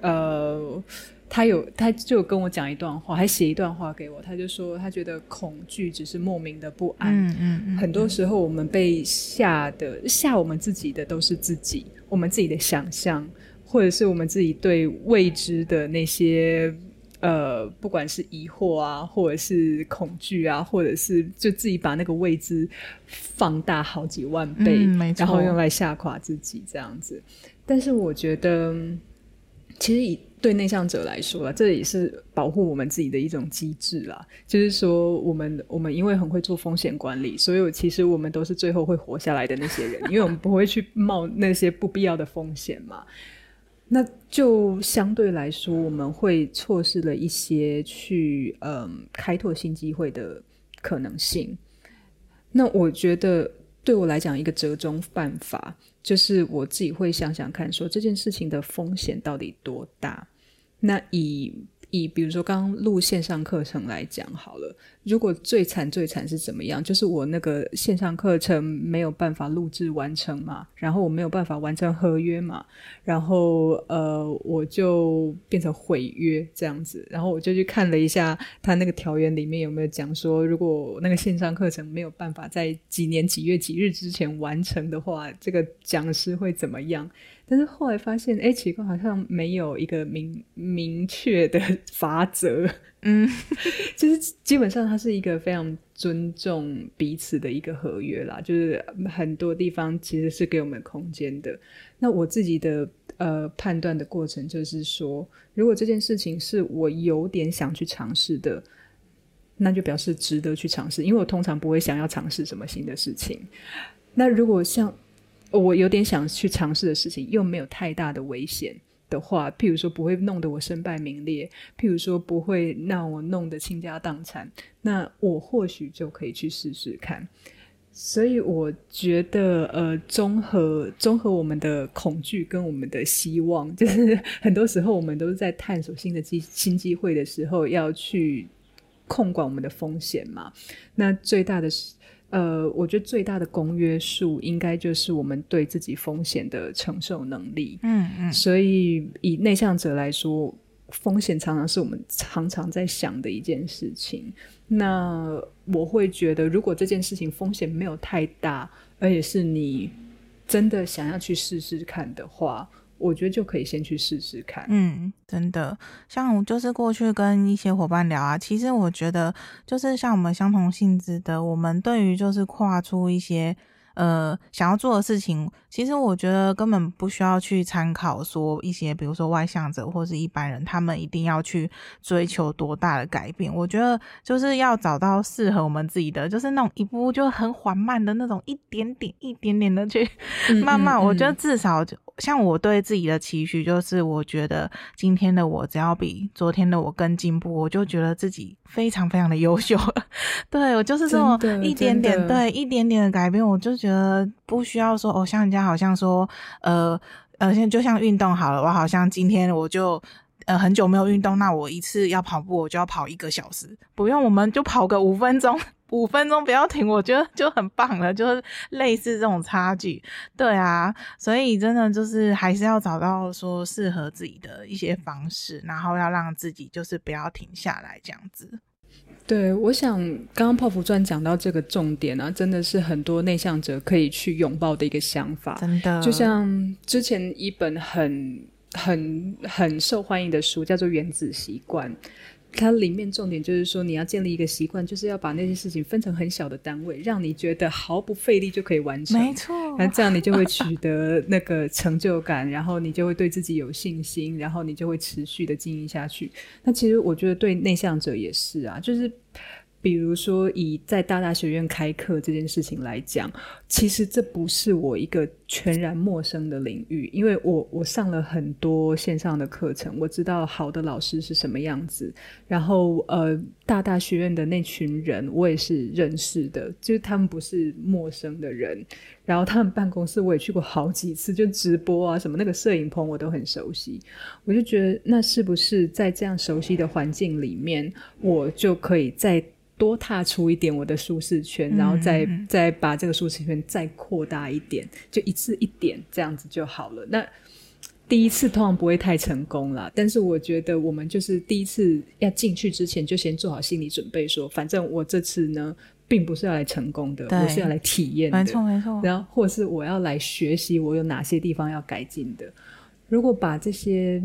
呃，他有他就有跟我講一段話，還寫一段話給我。他就說他覺得恐懼只是莫名的不安。嗯嗯，嗯，很多時候我們被嚇得嚇我們自己的都是自己，我們自己的想象。或者是我們自己對未知的那些呃，不管是疑惑啊，或者是恐懼啊，或者是就自己把那個未知放大好幾萬倍，嗯、然後用來嚇垮自己這樣子。但是我覺得，其實以對內向者來說啦，這也是保護我們自己的一種機制啦。就是說，我們我們因為很會做風險管理，所以其實我們都是最後會活下來的那些人， [laughs] 因為我們不會去冒那些不必要的風險嘛。那就相對來說，我們會錯失了一些去嗯開拓新機會的可能性。那我覺得對我來講，一個折中辦法就是我自己會想想看，說這件事情的風險到底多大。那以以比如說剛剛錄線上課程來講好了。如果最慘最慘是怎麼樣？就是我那個線上課程沒有辦法錄制完成嘛，然後我沒有辦法完成合約嘛，然後呃，我就變成毀約這樣子。然後我就去看了一下他那個條約裡面有沒有講說，如果那個線上課程沒有辦法在幾年幾月幾日之前完成的話，這個講師會怎麼樣？但是後來發現，哎，奇怪，好像沒有一個明明確的法則。嗯，就是基本上它是一個非常尊重彼此的一個合約啦。就是很多地方其實是給我們空間的。那我自己的呃判斷的過程就是說，如果這件事情是我有點想去嘗試的，那就表示值得去嘗試。因為我通常不會想要嘗試什麼新的事情。那如果像，哦，我有點想去嘗試的事情，又沒有太大的危險。的話，譬如說不會弄得我身敗名裂，譬如說不會讓我弄得傾家蕩產，那我或許就可以去試試看。所以我覺得，呃，綜合綜合我們的恐懼跟我們的希望，就是很多時候我們都是在探索新的機新機會的時候，要去控管我們的風險嘛。那最大的是。呃，我覺得最大的公約數應該就是我們對自己風險的承受能力。嗯，嗯。所以以內向者來說，風險常常是我們常常在想的一件事情。那我會覺得，如果這件事情風險沒有太大，而且是你真的想要去試試看的話。我覺得就可以先去試試看。嗯，真的，像就是過去跟一些夥伴聊啊,其實我覺得就是像我們相同性質的，我們對於就是跨出一些呃想要做的事情，其實我覺得根本不需要去參考說一些，比如說外向者或是一般人，他們一定要去追求多大的改變。我覺得就是要找到適合我們自己的，就是那種一步步就很緩慢的那種，一點點一點點的去嗯嗯嗯，慢慢。我覺得至少就。像我對自己的期許，就是我覺得今天的我只要比昨天的我更進步，我就覺得自己非常非常的優秀了。 [laughs] 對，我就是這種一點點，對一點點的改變，我就覺得不需要說哦，像人家好像說，呃，呃，現在就像運動好了，我好像今天我就呃很久沒有運動，那我一次要跑步，我就要跑一個小時，不用，我們就跑個五分鐘。五分鐘不要停，我覺得就很棒了，就是類似這種差距，對啊，所以真的就是還是要找到說適合自己的一些方式，然後要讓自己就是不要停下來這樣子。對，我想剛剛泡芙傳講到這個重點啊，真的是很多內向者可以去擁抱的一個想法，真的，就像之前一本很很很受歡迎的書，叫做《原子習慣》。它裡面重點就是說，你要建立一個習慣，就是要把那些事情分成很小的單位，讓你覺得毫不費力就可以完成。沒錯，那這樣你就會取得那個成就感， [laughs] 然後你就會對自己有信心，然後你就會持續的經營下去。那其實我覺得對內向者也是啊，就是比如說以在大大學院開課這件事情來講，其實這不是我一個。全然陌生的領域，因為我我上了很多線上的課程，我知道好的老師是什麼樣子，然後呃，大大學院的那群人我也是認識的，就是他們不是陌生的人，然後他們辦公室我也去過好幾次，就直播啊什麼那個攝影棚我都很熟悉，我就覺得那是不是在這樣熟悉的環境裡面，我就可以在。多踏出一點我的舒適圈，然後再、嗯、再把這個舒適圈再擴大一點，嗯、就一次一點這樣子就好了。那第一次通常不會太成功啦，但是我覺得我們就是第一次要進去之前，就先做好心理準備說，說反正我這次呢，並不是要來成功的，我是要來體驗的，沒錯沒錯。然後或者是我要來學習，我有哪些地方要改進的。如果把這些。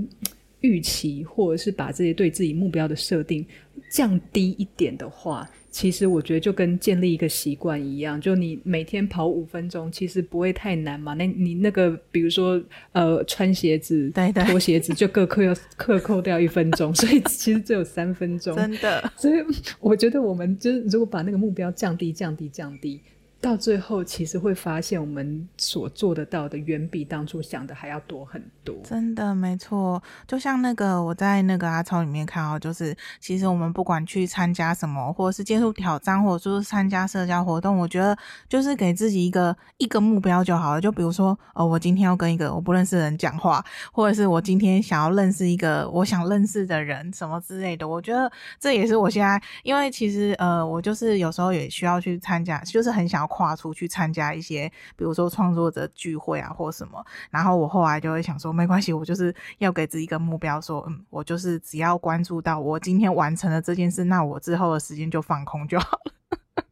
預期或者是把這些對自己目標的設定降低一點的話，其實我覺得就跟建立一個習慣一樣，就你每天跑五分鐘，其實不會太難嘛。那你那個比如說呃，穿鞋子、對對脫鞋子，就各扣要克 [laughs] 扣掉一分鐘，所以其實只有三分鐘，真的。所以我覺得我們就是如果把那個目標降低、降低、降低。到最後，其實會發現我們所做得到的遠比當初想的還要多很多。真的，沒錯。就像那個我在那個阿超裡面看哦,就是其實我們不管去參加什麼，或者是接受挑戰，或者說是參加社交活動，我覺得就是給自己一個一個目標就好了。就比如說，呃，我今天要跟一個我不認識的人講話，或者是我今天想要認識一個我想認識的人什麼之類的。我覺得這也是我現在，因為其實呃，我就是有時候也需要去參加，就是很想要。跨出去參加一些，比如說創作者聚會啊，或什麼。然後我後來就會想說，沒關係，我就是要給自己一個目標，說，嗯，我就是只要關注到我今天完成了這件事，那我之後的時間就放空就好了。 [laughs]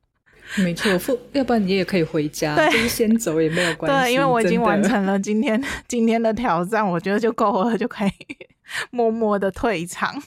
沒錯，要不然你也可以回家， [laughs] 先走也沒有關係。對，因為我已經完成了今天 [laughs] 今天的挑戰，我覺得就夠了，就可以 [laughs] 默默的退場。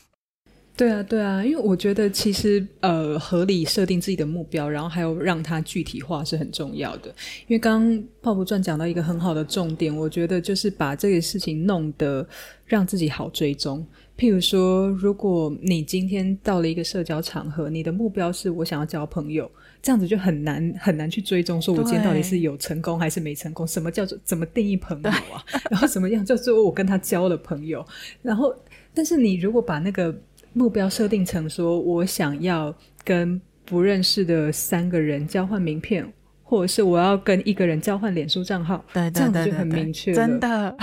對啊，對啊，因為我覺得其實呃，合理設定自己的目標，然後還有讓它具體化是很重要的。因為剛剛泡芙傳講到一個很好的重點，我覺得就是把這個事情弄得讓自己好追蹤。譬如說，如果你今天到了一個社交場合，你的目標是我想要交朋友，這樣子就很難很難去追蹤，說我今天到底是有成功還是沒成功？什麼叫做怎麼定義朋友啊？ [laughs] 然後什麼樣叫做、就是、我跟他交了朋友？然後，但是你如果把那個目標設定成說，我想要跟不認識的三個人交換名片，或者是我要跟一個人交換臉書賬號對對對對對，這樣就很明確。真的，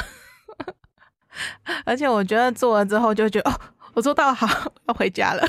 [laughs] 而且我覺得做了之後就覺得，哦，我做到好，要回家了。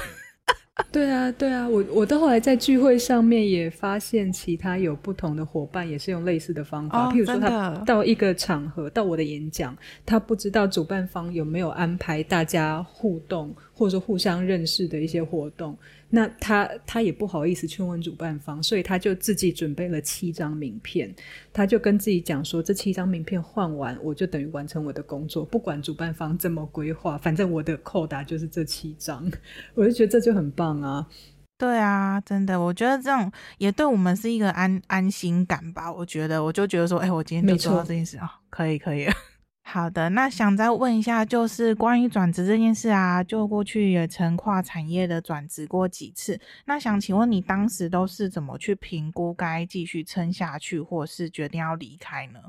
對啊，對啊，我我到後來在聚會上面也發現其他有不同的夥伴也是用類似的方法，oh, 譬如說他到一個場合，到我的演講，他不知道主辦方有沒有安排大家互動或者說互相認識的一些活動。那他他也不好意思去問主辦方，所以他就自己準備了七張名片，他就跟自己講說，這七張名片換完，我就等於完成我的工作，不管主辦方怎麼規劃，反正我的扣打就是這七張，我就覺得這就很棒啊。對啊，真的，我覺得這樣也對我們是一個安安心感吧。我覺得，我就覺得說，哎、欸，我今天沒錯，這件事啊，可以，可以了好的，那想再問一下，就是關於轉職這件事啊，就過去也曾跨產業的轉職過幾次，那想請問你當時都是怎麼去評估該繼續撐下去，或是決定要離開呢？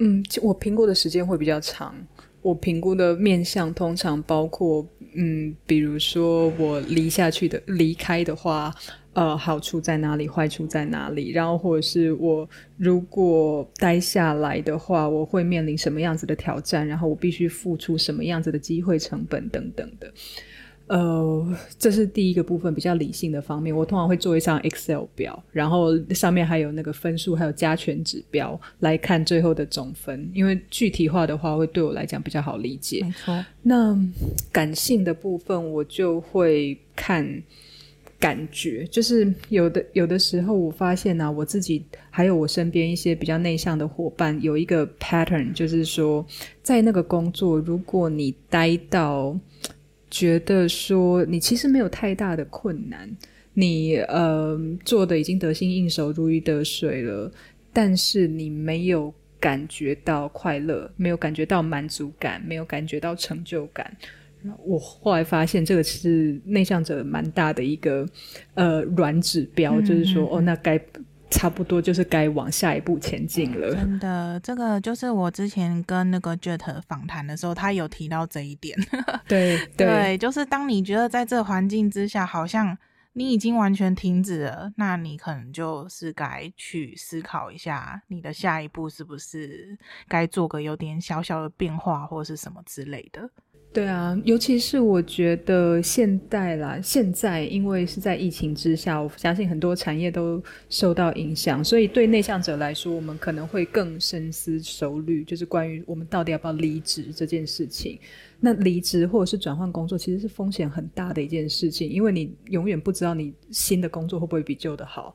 嗯，我評估的時間會比較長，我評估的面向通常包括，嗯，比如說我離下去的，離開的話。呃，好處在哪裡？壞處在哪裡？然後或者是我如果待下來的話，我會面臨什麼樣子的挑戰？然後我必須付出什麼樣子的機會成本等等的。呃，這是第一個部分比較理性的方面。我通常會做一張 Excel 表，然後上面還有那個分數，還有加權指標來看最後的總分，因為具體化的話會對我來講比較好理解。沒錯。那感性的部分，我就會看。感覺就是有的，有的時候我發現呢、啊，我自己還有我身邊一些比較內向的夥伴，有一個 pattern，就是說，在那個工作，如果你待到覺得說你其實沒有太大的困難，你呃做的已經得心應手、如魚得水了，但是你沒有感覺到快樂，沒有感覺到滿足感，沒有感覺到成就感。我後來發現，這個是內向者蠻大的一個呃軟指標，嗯，就是說，哦，那該差不多就是該往下一步前進了，嗯。真的，這個就是我之前跟那個 Jet 訪談的時候，他有提到這一點。 [laughs] 對，對，對，就是當你覺得在這環境之下，好像你已經完全停止了，那你可能就是該去思考一下，你的下一步是不是該做個有點小小的變化，或者是什麼之類的。對啊，尤其是我覺得現在啦，現在因為是在疫情之下，我相信很多產業都受到影響，所以對內向者來說，我們可能會更深思熟慮，就是關於我們到底要不要離職這件事情。那離職或者是轉換工作，其實是風險很大的一件事情，因為你永遠不知道你新的工作會不會比舊的好。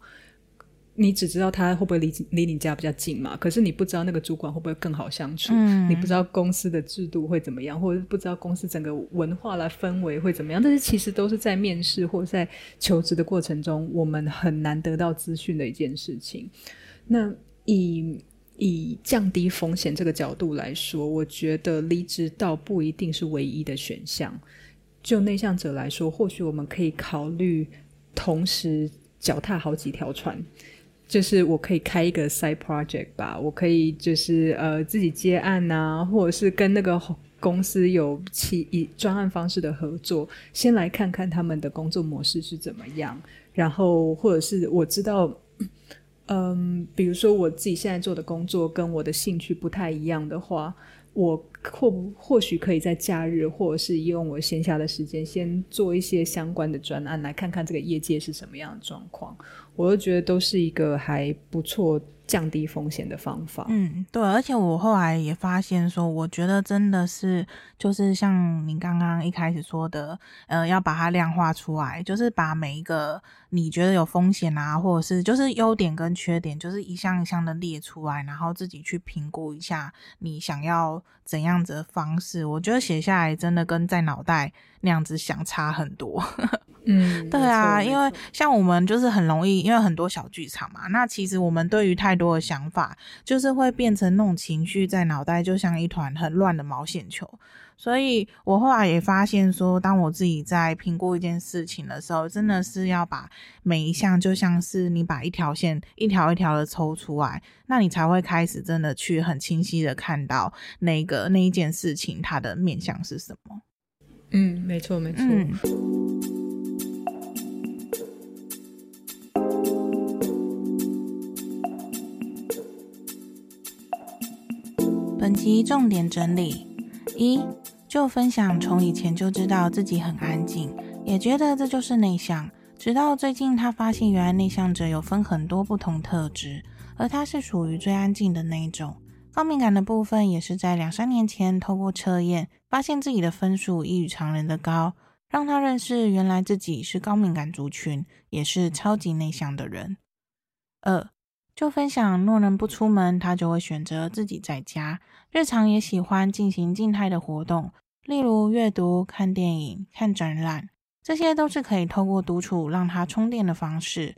你只知道他會不會離離你家比較近嘛，可是你不知道那個主管會不會更好相處，嗯、你不知道公司的制度會怎麼樣，或者不知道公司整個文化的氛圍會怎麼樣。但是其實都是在面試或在求職的過程中，我們很難得到資訊的一件事情。那以以降低風險這個角度來說，我覺得離職倒不一定是唯一的選項。就內向者來說，或許我們可以考慮同時腳踏好幾條船。就是我可以開一個 side project 吧，我可以就是呃自己接案吶，啊，或者是跟那個公司有其以專案方式的合作，先來看看他們的工作模式是怎麼樣。然後或者是我知道，嗯，比如說我自己現在做的工作跟我的興趣不太一樣的話，我或或許可以在假日或者是用我閒暇的時間，先做一些相關的專案，來看看這個業界是什麼樣的狀況。我就覺得都是一個還不錯降低風險的方法。嗯，對，而且我後來也發現說，我覺得真的是就是像你剛剛一開始說的，呃，要把它量化出來，就是把每一個你覺得有風險啊，或者是就是優點跟缺點，就是一項一項的列出來，然後自己去評估一下你想要怎樣子的方式。我覺得寫下來真的跟在腦袋。那樣子相差很多，嗯， [laughs] 對啊，因為像我們就是很容易，因為很多小劇場嘛。那其實我們對於太多的想法，就是會變成那種情緒在腦袋，就像一團很亂的毛線球。所以我後來也發現說，當我自己在評估一件事情的時候，真的是要把每一項，就像是你把一條線一條一條的抽出來，那你才會開始真的去很清晰的看到那個那一件事情它的面向是什麼。嗯，沒錯沒錯、嗯。本集重點整理一，1. 就分享從以前就知道自己很安靜，也覺得這就是內向。直到最近，他發現原來內向者有分很多不同特質，而他是屬於最安靜的那一種。高敏感的部分也是在兩三年前透過測驗，發現自己的分數異於常人的高，讓他認識原來自己是高敏感族群，也是超級內向的人。二就分享，若能不出門，他就會選擇自己在家，日常也喜歡進行靜態的活動，例如閱讀、看電影、看展覽，這些都是可以透過獨處讓他充電的方式。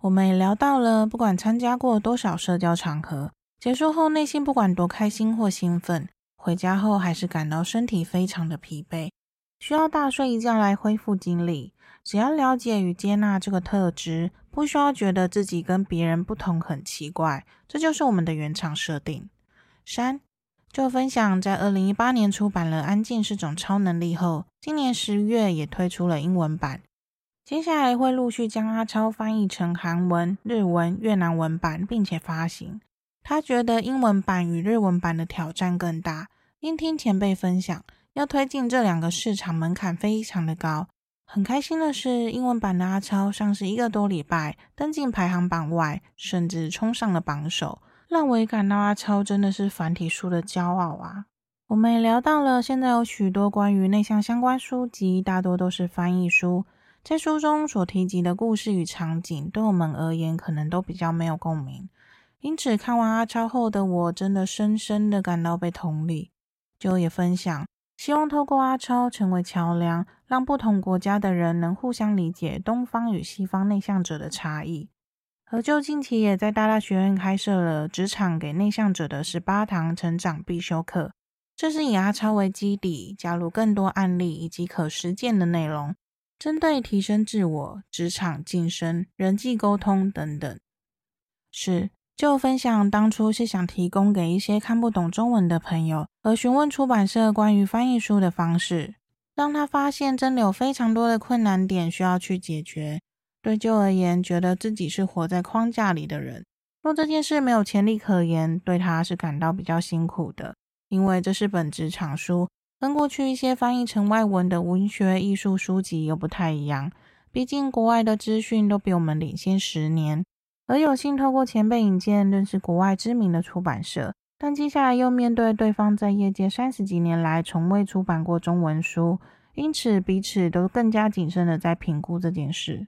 我們也聊到了，不管參加過多少社交場合。結束後，內心不管多開心或興奮，回家後還是感到身體非常的疲憊，需要大睡一覺來恢復精力。只要了解與接納這個特質，不需要覺得自己跟別人不同很奇怪。這就是我們的原廠設定。三就分享，在二零一八年出版了《安靜是種超能力》後，今年十月也推出了英文版。接下來會陸續將阿超翻譯成韓文、日文、越南文版，並且發行。他覺得英文版與日文版的挑戰更大。因聽前輩分享，要推進這兩個市場門檻非常的高。很開心的是，英文版的阿超上市一個多禮拜，登進排行榜外，甚至衝上了榜首，讓我也感到阿超真的是繁體書的驕傲啊！我們也聊到了，現在有許多關於內向相關書籍，大多都是翻譯書，在書中所提及的故事與場景，對我們而言可能都比較沒有共鳴。因此，看完阿超後的我，真的深深的感到被同理。就也分享，希望透過阿超成為橋梁，讓不同國家的人能互相理解東方與西方內向者的差異。而就近期也在大大學院開設了職場給內向者的十八堂成長必修課，這是以阿超為基底，加入更多案例以及可實踐的內容，針對提升自我、職場晉升、人際溝通等等。是。就分享當初是想提供給一些看不懂中文的朋友，而詢問出版社關於翻譯書的方式，讓他發現真的有非常多的困難點需要去解決。對 Jill 而言，覺得自己是活在框架裡的人，若這件事沒有前例可言，對他是感到比較辛苦的，因為這是本職場書，跟過去一些翻譯成外文的文學藝術書籍又不太一樣，畢竟國外的資訊都比我們領先十年。而有幸透過前輩引薦認識國外知名的出版社，但接下來又面對對方在業界三十幾年來從未出版過中文書，因此彼此都更加謹慎的在評估這件事。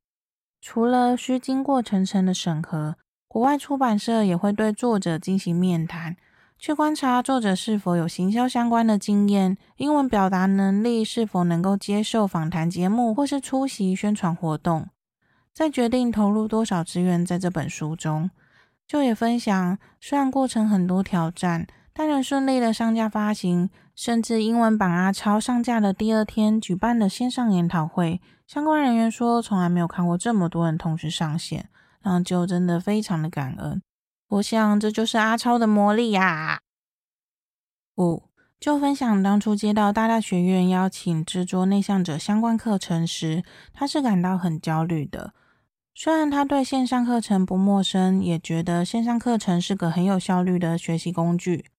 除了需經過層層的審核，國外出版社也會對作者進行面談，去觀察作者是否有行銷相關的經驗，英文表達能力是否能夠接受訪談節目或是出席宣傳活動。在決定投入多少資源在這本書中，就也分享，雖然過程很多挑戰，但仍順利的上架發行，甚至英文版阿超上架的第二天舉辦的線上研討會，相關人員說從來沒有看過這麼多人同時上線，然後就真的非常的感恩。我想這就是阿超的魔力呀、啊。五就分享當初接到大大學院邀請制作內向者相關課程時，他是感到很焦慮的。雖然他對線上課程不陌生，也覺得線上課程是個很有效率的學習工具，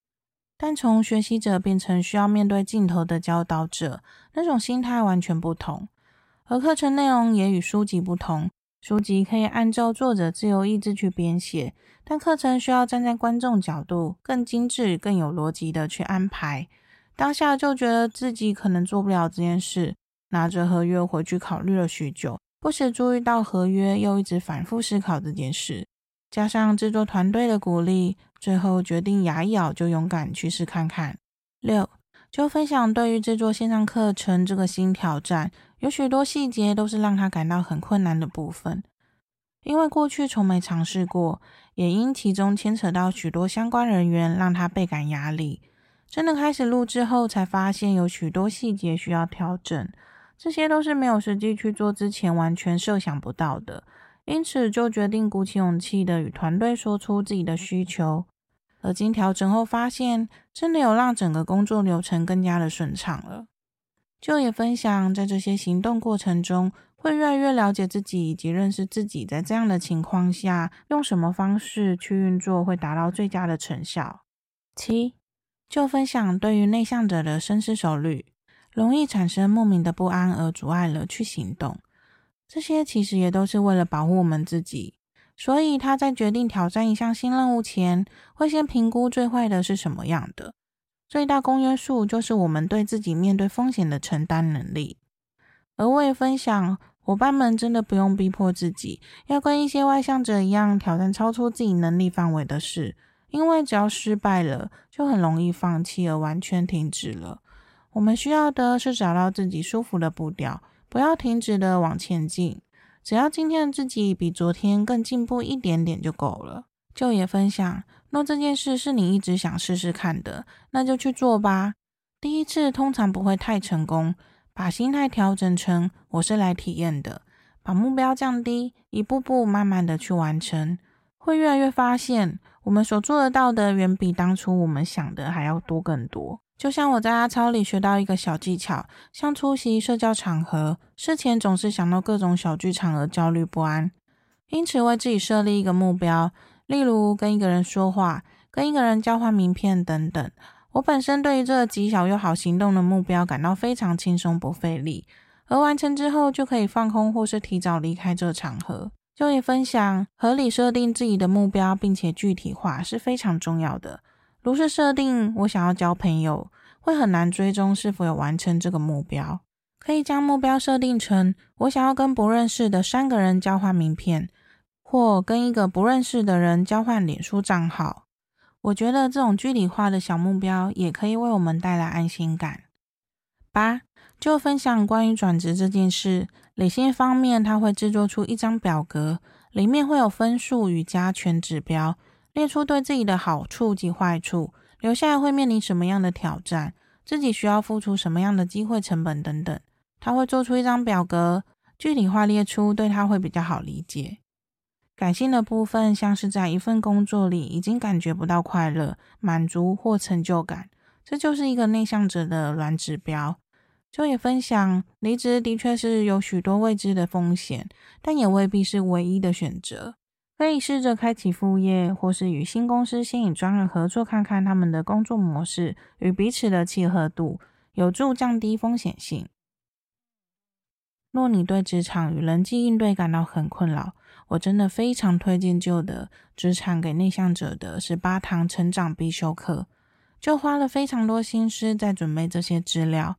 但從學習者變成需要面對鏡頭的教導者，那種心態完全不同。而課程內容也與書籍不同，書籍可以按照作者自由意志去編寫，但課程需要站在觀眾角度，更精致、更有邏輯的去安排。當下就覺得自己可能做不了這件事，拿着合約回去考慮了許久。開始注意到合約，又一直反覆思考這件事，加上製作團隊的鼓勵，最後決定牙一咬，就勇敢去試看看。六、就分享對於製作線上課程這個新挑戰，有許多細節都是讓他感到很困難的部分，因為過去從沒嘗試過，也因其中牽扯到許多相關人員，讓他倍感壓力。真的開始錄製後，才發現有許多細節需要調整。這些都是沒有實際去做之前完全設想不到的，因此就決定鼓起勇氣的與團隊說出自己的需求。而經調整後發現，真的有讓整個工作流程更加的順暢了。就也分享在這些行動過程中，會越來越了解自己以及認識自己，在這樣的情況下，用什麼方式去運作會達到最佳的成效。七，就分享對於內向者的深思熟慮。容易產生莫名的不安，而阻礙了去行動。這些其實也都是為了保護我們自己。所以他在決定挑戰一項新任務前，會先評估最壞的是什麼樣的。最大公約數就是我們對自己面對風險的承擔能力。而我也分享，夥伴們真的不用逼迫自己，要跟一些外向者一樣，挑戰超出自己能力範圍的事，因為只要失敗了，就很容易放棄而完全停止了。我們需要的是找到自己舒服的步調，不要停止的往前進。只要今天的自己比昨天更進步一點點就夠了。金句分享：若這件事是你一直想試試看的，那就去做吧。第一次通常不會太成功，把心態調整成我是來體驗的，把目標降低，一步步慢慢的去完成，會越來越發現我們所做得到的遠比當初我們想的還要多更多。就像我在阿超裡學到一個小技巧，像出席社交場合，事前總是想到各種小劇場而焦慮不安，因此為自己設立一個目標，例如跟一個人說話、跟一個人交換名片等等。我本身對於這極小又好行動的目標感到非常輕鬆不費力，而完成之後就可以放空或是提早離開這場合。就業分享，合理設定自己的目標並且具體化是非常重要的。如是設定，我想要交朋友，會很難追蹤是否有完成這個目標。可以將目標設定成我想要跟不認識的三個人交換名片，或跟一個不認識的人交換臉書賬號。我覺得這種具體化的小目標也可以為我們帶來安心感。八就分享關於轉職這件事，理性方面它會製作出一張表格，裡面會有分數與加權指標。列出對自己的好處及壞處，留下來會面臨什麼樣的挑戰，自己需要付出什麼樣的機會成本等等，他會做出一張表格，具體化列出，對他會比較好理解。感性的部分，像是在一份工作裡已經感覺不到快樂、滿足或成就感，這就是一個內向者的軟指標。Jill 也分享，離職的確是有許多未知的風險，但也未必是唯一的選擇。可以試着開啟副業，或是與新公司先以專案合作，看看他們的工作模式與彼此的契合度，有助降低風險性。若你對職場與人際應對感到很困擾，我真的非常推薦 Jill 的《職場給內向者》的十八堂成長必修課，Jill 花了非常多心思在準備這些資料。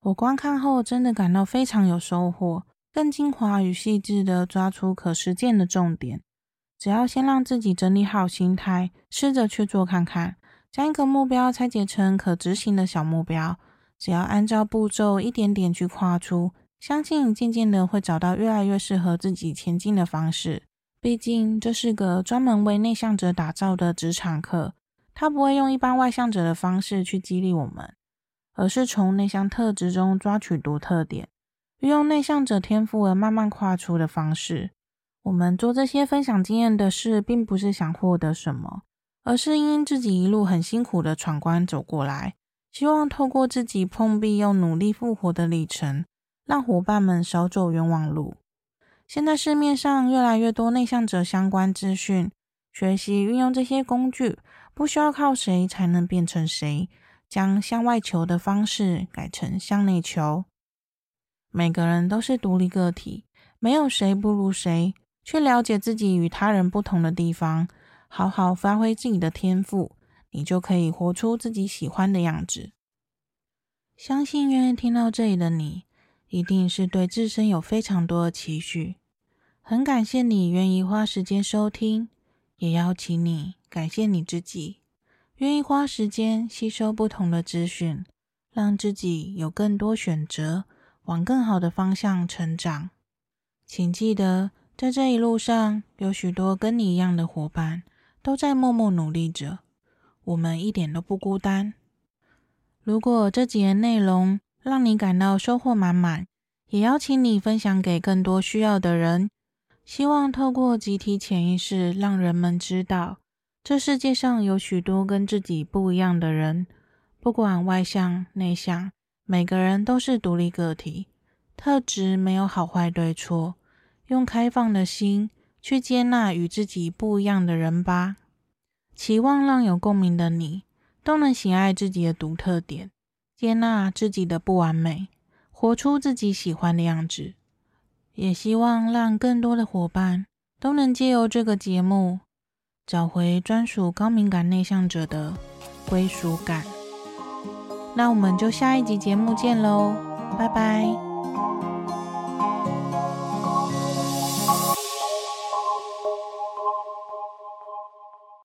我觀看後真的感到非常有收穫，更精華與細緻地抓出可實踐的重點。只要先讓自己整理好心態，試着去做看看，將一個目標拆解成可執行的小目標，只要按照步驟一點點去跨出，相信漸漸的會找到越來越適合自己前進的方式。畢竟這是個專門為內向者打造的職場課，它不會用一般外向者的方式去激勵我們，而是從內向特質中抓取獨特點，運用內向者天賦而慢慢跨出的方式。我們做這些分享經驗的事，並不是想獲得什麼，而是因自己一路很辛苦的闖關走過來，希望透過自己碰壁又努力復活的歷程，讓夥伴們少走冤枉路。現在市面上越來越多內向者相關資訊，學習運用這些工具，不需要靠誰才能變成誰，將向外求的方式改成向內求。每個人都是獨立個體，沒有誰不如誰。去了解自己與他人不同的地方，好好發揮自己的天賦，你就可以活出自己喜歡的樣子。相信願意聽到這裡的你，一定是對自身有非常多的期許。很感謝你願意花時間收聽，也邀請你感謝你自己，願意花時間吸收不同的資訊，讓自己有更多選擇，往更好的方向成長。請記得，在這一路上，有許多跟你一樣的夥伴都在默默努力着，我們一點都不孤單。如果這集內容讓你感到收穫滿滿，也邀請你分享給更多需要的人。希望透過集體潛意識，讓人們知道這世界上有許多跟自己不一樣的人，不管外向內向，每個人都是獨立個體，特質沒有好壞對錯。用開放的心去接納與自己不一樣的人吧。期望讓有共鳴的你都能喜愛自己的獨特點，接納自己的不完美，活出自己喜歡的樣子。也希望讓更多的夥伴都能借由這個節目找回專屬高敏感內向者的歸屬感。那我們就下一集節目見嘍，拜拜。